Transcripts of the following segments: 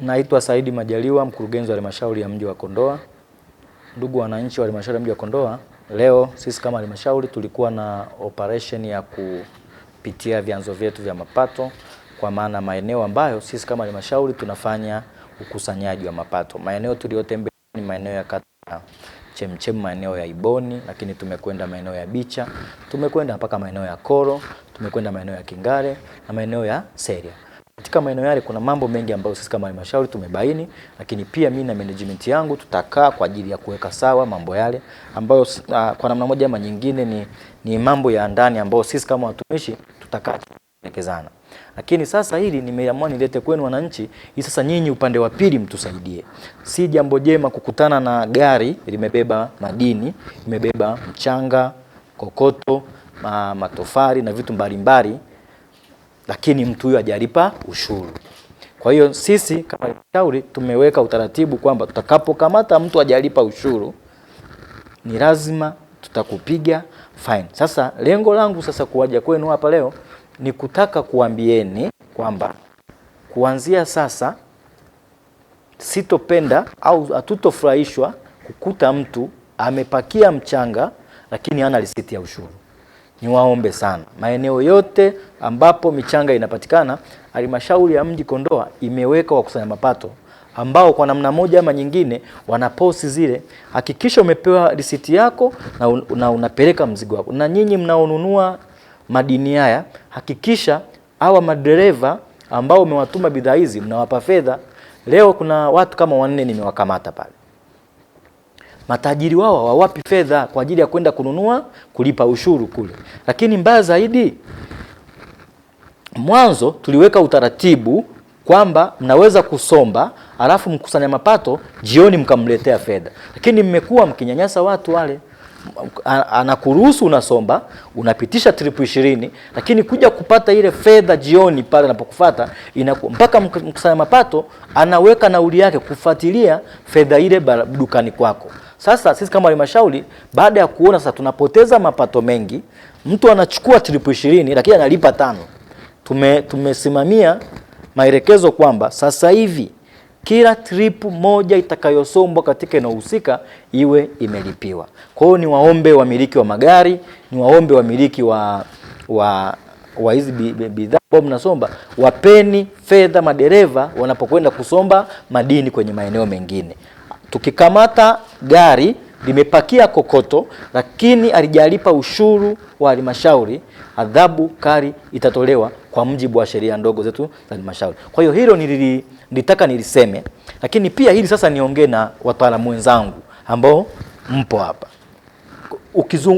Naitwa Saidi Majaliwa, mkurugenzi wa halmashauri ya mji wa Kondoa. Ndugu wananchi wa halmashauri ya mji wa Kondoa, leo sisi kama halmashauri tulikuwa na operation ya kupitia vyanzo vyetu vya mapato, kwa maana maeneo ambayo sisi kama halmashauri tunafanya ukusanyaji wa mapato. Maeneo tuliyotembelea ni maeneo ya kata Chemchem, maeneo ya Iboni, lakini tumekwenda maeneo ya Bicha, tumekwenda mpaka maeneo ya Koro, tumekwenda maeneo ya Kingare na maeneo ya Seria. Katika maeneo yale kuna mambo mengi ambayo sisi kama halmashauri tumebaini, lakini pia mimi na management yangu tutakaa kwa ajili ya kuweka sawa mambo yale ambayo uh, kwa namna moja ama nyingine ni, ni mambo ya ndani ambayo sisi kama watumishi tutakaa kuelekezana. Lakini sasa hili nimeamua nilete kwenu wananchi, ili sasa nyinyi upande wa pili mtusaidie. Si jambo jema kukutana na gari limebeba madini, limebeba mchanga, kokoto, matofali na vitu mbalimbali lakini mtu huyo hajalipa ushuru. Kwa hiyo sisi kama halmashauri tumeweka utaratibu kwamba tutakapokamata mtu hajalipa ushuru ni lazima tutakupiga fine. Sasa lengo langu sasa kuwaja kwenu hapa leo ni kutaka kuambieni kwamba kuanzia sasa sitopenda au hatutofurahishwa kukuta mtu amepakia mchanga lakini hana risiti ya ushuru niwaombe sana, maeneo yote ambapo michanga inapatikana, halmashauri ya mji Kondoa imeweka wakusanya mapato ambao kwa namna moja ama nyingine wanaposi zile. Hakikisha umepewa risiti yako na, un, na unapeleka mzigo wako, na nyinyi mnaonunua madini haya, hakikisha hawa madereva ambao umewatuma bidhaa hizi mnawapa fedha. Leo kuna watu kama wanne nimewakamata pale matajiri wao wawapi fedha kwa ajili ya kwenda kununua kulipa ushuru kule. Lakini mbaya zaidi, mwanzo tuliweka utaratibu kwamba mnaweza kusomba alafu mkusanya mapato jioni mkamletea fedha, lakini mmekuwa mkinyanyasa watu wale anakuruhusu unasomba, unapitisha tripu ishirini, lakini kuja kupata ile fedha jioni pale anapokufata inakuwa mpaka mkusanya mapato anaweka nauli yake kufuatilia fedha ile dukani kwako. Sasa sisi kama halmashauri, baada ya kuona sasa tunapoteza mapato mengi, mtu anachukua tripu ishirini lakini analipa tano, tume tumesimamia maelekezo kwamba sasa hivi kila tripu moja itakayosombwa katika inayohusika iwe imelipiwa. Kwa hiyo ni waombe wamiliki wa magari, ni waombe wamiliki wa wa wa hizi bidhaa ambao mnasomba, wapeni fedha madereva wanapokwenda kusomba madini kwenye maeneo mengine tukikamata gari limepakia kokoto lakini alijalipa ushuru wa halmashauri, adhabu kali itatolewa kwa mujibu wa sheria ndogo zetu za halmashauri. Kwa hiyo hilo nilitaka niliseme, lakini pia hili sasa niongee na wataalamu wenzangu ambao mpo hapa.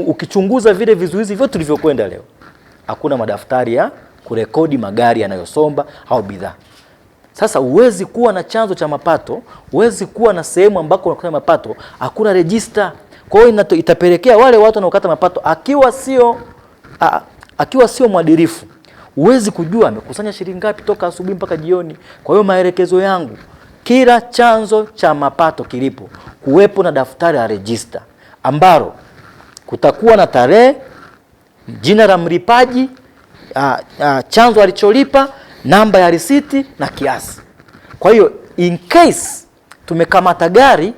Ukichunguza vile vizuizi vyote tulivyokwenda leo, hakuna madaftari ya kurekodi magari yanayosomba au bidhaa. Sasa huwezi kuwa na chanzo cha mapato, huwezi kuwa na sehemu ambako unakusanya mapato, hakuna rejista. Kwa hiyo itapelekea wale watu wanaokata mapato, akiwa sio a, akiwa sio mwadilifu, huwezi kujua amekusanya shilingi ngapi toka asubuhi mpaka jioni. Kwa hiyo maelekezo yangu, kila chanzo cha mapato kilipo, kuwepo na daftari la rejista ambalo kutakuwa na tarehe, jina la mlipaji, chanzo alicholipa namba ya risiti na kiasi. Kwa hiyo in case tumekamata gari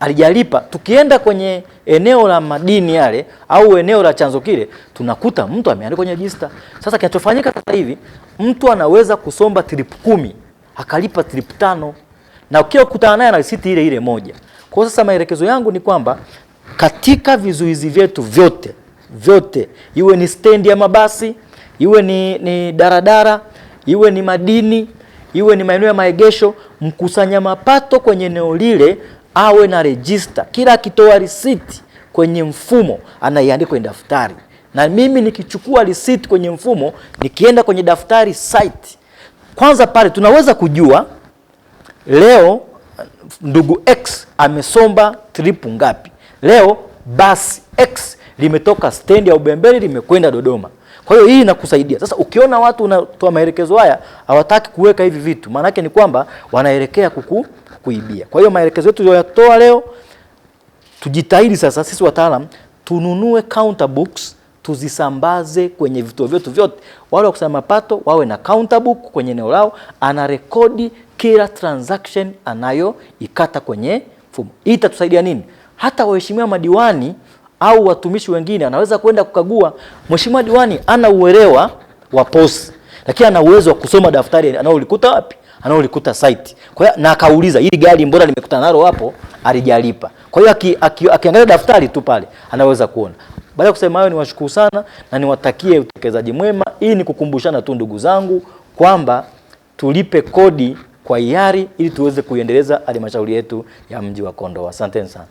alijalipa, tukienda kwenye eneo la madini yale au eneo la chanzo kile, tunakuta mtu ameandikwa kwenye jista Sasa kinachofanyika sasa hivi, mtu anaweza kusomba trip kumi akalipa trip tano na ukiwa kukutana naye na risiti ile ile moja. Kwa sasa maelekezo yangu ni kwamba katika vizuizi vyetu vyote vyote, iwe ni stendi ya mabasi iwe ni, ni daradara iwe ni madini iwe ni maeneo ya maegesho, mkusanya mapato kwenye eneo lile awe na rejista. Kila akitoa risiti kwenye mfumo anaiandika kwenye daftari, na mimi nikichukua risiti kwenye mfumo nikienda kwenye daftari site, kwanza pale tunaweza kujua leo ndugu X amesomba trip ngapi leo, basi X limetoka stendi ya Ubembeli limekwenda Dodoma. Kwa hiyo hii inakusaidia sasa. Ukiona watu unatoa maelekezo haya hawataki kuweka hivi vitu, maanake ni kwamba wanaelekea kuku, kuibia. Kwa hiyo maelekezo yetu tuliyoyatoa leo, tujitahidi sasa sisi wataalamu tununue counter books tuzisambaze kwenye vituo vyetu vyote. Wale wa kusanya mapato wawe na counter book kwenye eneo lao, ana rekodi kila transaction anayoikata kwenye mfumo. Hii itatusaidia nini? Hata waheshimiwa madiwani au watumishi wengine, anaweza kwenda kukagua. Mheshimiwa diwani ana uelewa wa POS, lakini ana uwezo wa kusoma daftari analolikuta wapi, analolikuta site. Kwa hiyo na akauliza hili gari mbona limekutana nalo hapo, alijalipa. Kwa hiyo aki, aki, akiangalia daftari tu pale anaweza kuona. Baada ya kusema hayo, niwashukuru sana na niwatakie utekelezaji mwema. Hii ni kukumbushana tu ndugu zangu kwamba tulipe kodi kwa hiari ili tuweze kuiendeleza halmashauri yetu ya mji wa Kondoa. Asanteni sana.